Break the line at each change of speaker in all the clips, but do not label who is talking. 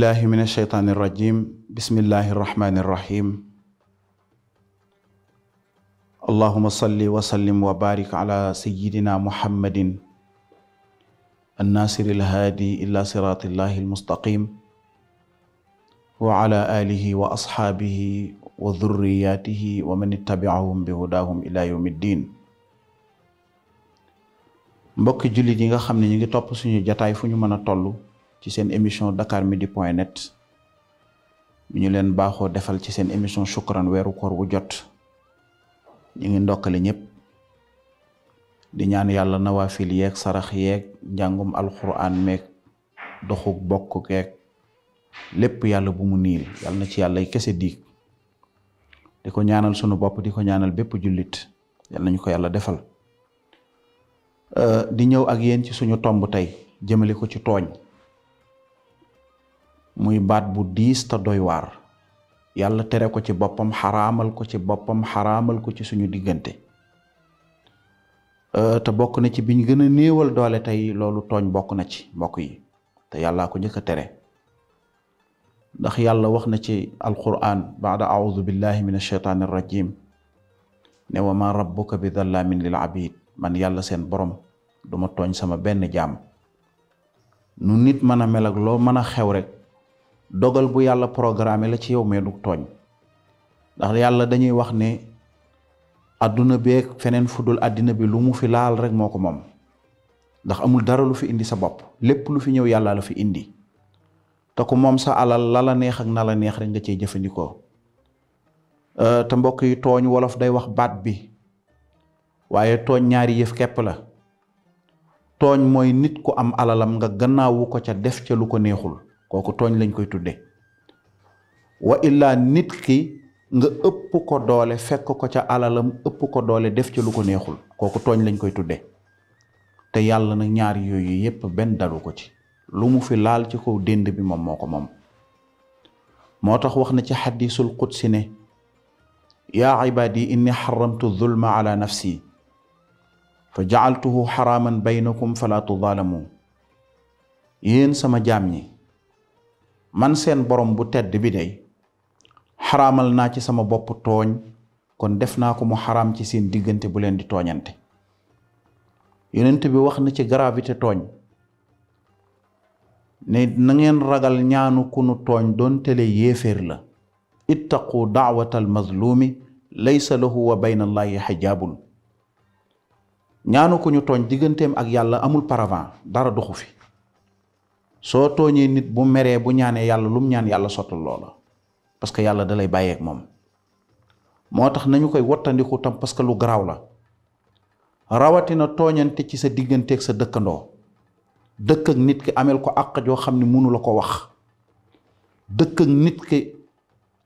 billahi min alsheytaani irrajim bismillahi irrahmani irrahim allahuma salli wa sallim wa barik ala sayidina muhammadin annaasiri alhaadi ila siraati illahi almustaqim wa ala alihi wa asxaabihi wa dhurriyatihi wa man ittabiahum bi hudaahum ila yawmi ddin mbokki jullit yi nga xam ne ñu ngi topp suñu jataay fu ñu mën a toll ci seen émission dakar midi point net bi ñu leen baaxoo defal ci seen émission shukran weeru koor wu jot ñu ngi ndokkale ñëpp di ñaan yàlla nawaafil yeeg sarax yeeg njàngum alxuraan meeg doxu bokk geeg lépp yàlla bu mu niil yàlla na ci yàlla kese diig di ko ñaanal sunu bopp di ko ñaanal bépp jullit yàlla nañu ko yàlla defal euh, di ñëw ak yéen ci suñu tomb tey jëmale ko ci tooñ muy baat bu diis te doy waar yàlla tere ko ci boppam xaraamal ko ci boppam xaraamal ko ci suñu diggante euh, te bokk na ci biñ gën a néewal doole tey loolu tooñ bokk na ci mbokk yi te yàllaa ko njëkk a tere ndax yàlla wax na ci alquran baada audu billahi min alcheytaan arrajim ne wa ma rabbuka bi dallamin lil abid man yàlla seen borom duma tooñ sama benn jaam nu nit mën a mel ak loo mën a xew rek dogal bu yàlla programme la ci yow mais du tooñ ndax yàlla dañuy wax ne àdduna beeg feneen fudul àddina bi lu mu fi laal rek moo ko moom ndax amul dara lu fi indi sa bopp lépp lu fi ñëw yàlla la fi indi te ku moom sa alal lala la neex ak na la neex rek nga cee jëfandikoo euh, te mbokk yi tooñ wolof day wax baat bi waaye tooñ ñaari yëf kepp la tooñ mooy nit ku am alalam nga gannaawu ko ca def ca lu ko neexul kooku tooñ lañ koy tudde wa illaa nit ki nga ëpp ko doole fekk ko ca alalam ëpp ko doole def ci lu ko neexul kooku tooñ lañ koy tudde te yàlla na ñaar yooyu yépp benn dalu ko ci lu mu fi laal ci kaw dénd bi moom moo ko moom moo tax wax na ci xadiisul qudsi ne yaa cibaadi inni xaramtu zulma ala nafsi fa jacaltuhu xaraaman baynakum falaa tudaalamu yéen sama jaam yi man seen borom bu tedd bi day xaraamal naa ci sama bopp tooñ kon def naa ko mu xaram ci seen diggante bu leen di tooñante yonent bi wax na ci gravité tooñ ne na ngeen ragal ñaanu kunu tooñ doon tele yéeféer la ittaqu daawatal mazlumi laysa lahu wa bayna allahi xijaabun ñaanu ku ñu tooñ digganteem ak yàlla amul paravent dara doxu fi soo tooñee nit bu meree bu ñaanee yàlla lum ñaan yàlla sottul loola parce que yàlla da lay bàyyeek moom moo tax nañu koy wattandiku tam parce que lu garaaw la rawatina tooñante ci sa digganteek sa dëkkandoo dëkk nit ki ameel ko àq xam ne mënu la ko wax dëkk nit ki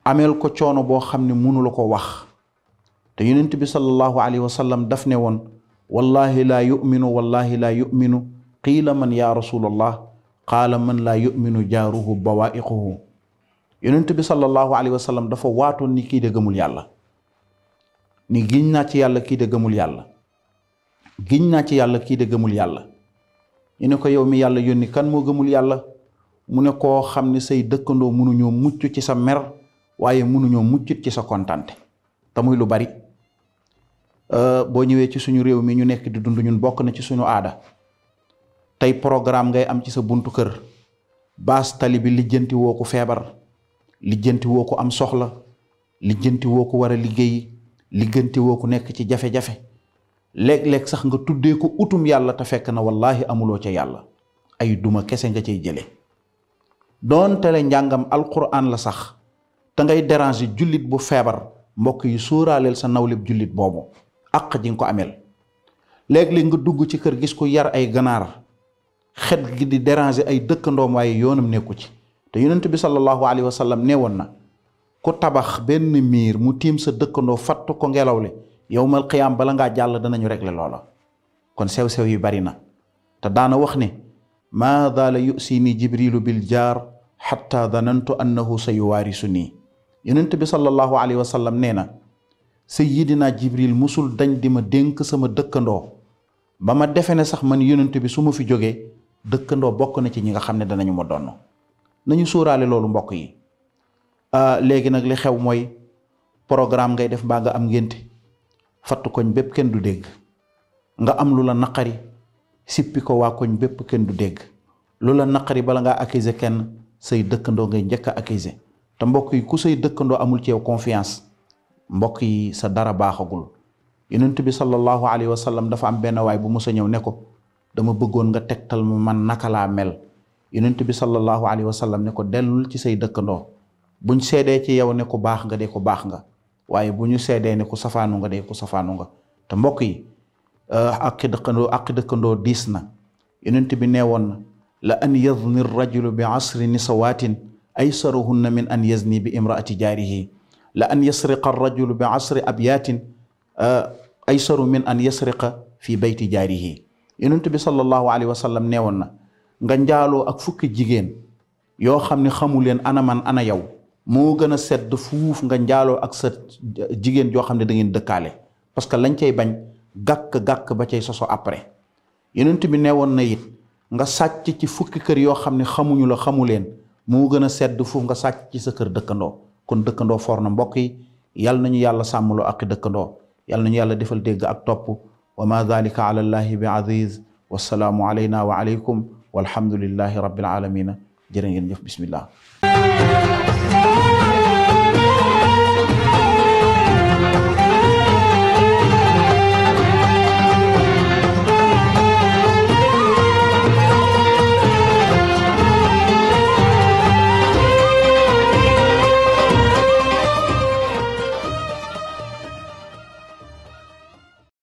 ameel ko coono boo xam ne mënu la ko wax te yu ne sallallahu alayhi wa sallam daf ne woon wallahi laa yuminu wallahi laa yuminu qiila man yaa rasulallah qaala man laa yuminu jaaruhu bawaa'iquhu yonent bi sallallahu alayhi wa sallam dafa waatoon ni kii de gëmul yàlla ni giñ naa ci yàlla kii de gëmul yàlla giñ naa ci yàlla kii de gëmul yàlla ñu ne ko yow mi yàlla yónni kan moo gëmul yàlla mu ne koo xam ne say dëkkandoo mënuñoo mucc ci sa mer waaye mënuñoo mucc ci sa kontante te muy lu bari euh, boo ñëwee ci suñu réew mi ñu nekk di dund ñun bokk na ci suñu aada tey programme ngay am ci sa buntu kër baas tali bi lijjantiwoo woo ko feebar lijjantiwoo woo ko am soxla lijjantiwoo woo ko war a liggéey lijjanti woo ko nekk ci jafe-jafe léeg-léeg sax nga tuddee ko utum yàlla te fekk na wallaahi amuloo ca yàlla ay duma kese nga cay jële doonte le njàngam alquran la sax te ngay déranger jullit bu feebar mbokk yi sóoraaleel sa nawleb jullit boobu aq ji nga ko ameel léeg-léeg nga dugg ci kër gis ko yar ay ganaar xet gi di déranger ay dëkkandoom waaye yoonam nekku ci te yonent bi sallallahu alayhi wa sallam nee woon na ku tabax benn miir mu tiim sa dëkkandoo fatt ko ngelaw li yowmal qiyaam bala ngaa jàll danañu régler loola kon sew-sew yu bari na te daana wax ne maa daala yusini jibrilu bil jaar xatta danantu annahu sa yuwaarisu nii yonent bi sallallahu alayhi wa nee na sayyidina jibril musul dañ di ma dénk sama dëkkandoo ba ma defe ne sax man yonent bi su ma fi jógee dëkkandoo bokk na ci ñi nga xam ne danañu ma dono nañu sóoraale loolu mbokk yi ah, léegi nag li xew mooy programme ngay def baa nga am ngénte fatt koñ bépp kenn du dégg nga am lu la naqari sippi ko waa koñ bépp kenn du dégg lu la naqari bala nga accuser kenn say dëkkandoo ngay njëkk a te mbokk yi ku say dëkkandoo amul ci yow confiance mbokk yi sa dara baaxagul yonent bi sallallahu alayhi wa sallam dafa am benn waay bu musa ñëw ne ko dama bëggoon nga tegtal mu man naka laa mel yonent bi sallallahu alayhi wa ne ko dellul ci say bu buñ seedee ci yow ne ku baax nga de ko baax nga waaye bu ñu seedee ne ko safaanu nga de ku safaanu nga te mbokk yi euh, aqi dëkkandoo aqi dëkkandoo diis na yonent bi nee woon na la an yazni rajulu bi asri nisawaatin aysaruhunna min an yazni bi imraati jaarihi la an yasriqa rajulu bi asri abyaatin euh, aysaru min an yasriqa fi bayti jaarihi yonent bi sallallahu alayhi wa sallam neewoon na nga njaaloo ak fukki jigéen yoo xam ne xamu leen ana man yow moo gën a sedd fuuf nga njaaloo ak sa jigéen joo xam ne da ngeen dëkkaale parce que lañ cay bañ gàkk-gàkk ba cay soso après yonent bi neewoon na it nga sàcc ci fukki kër yoo xam ne xamuñu la xamu leen moo gën a sedd fuuf nga sàcc ci sa kër dëkkandoo kon dëkkandoo foor na mbokk yi yal nañu yàlla sàmmloo ak dëkkandoo yal nañu yàlla defal dégg ak topp wa ma dalika ala allahi bi aziz wassalaamu alayna wa alaykum walhamdulillahi rabbil alamina jërë ngeen jëf bismillah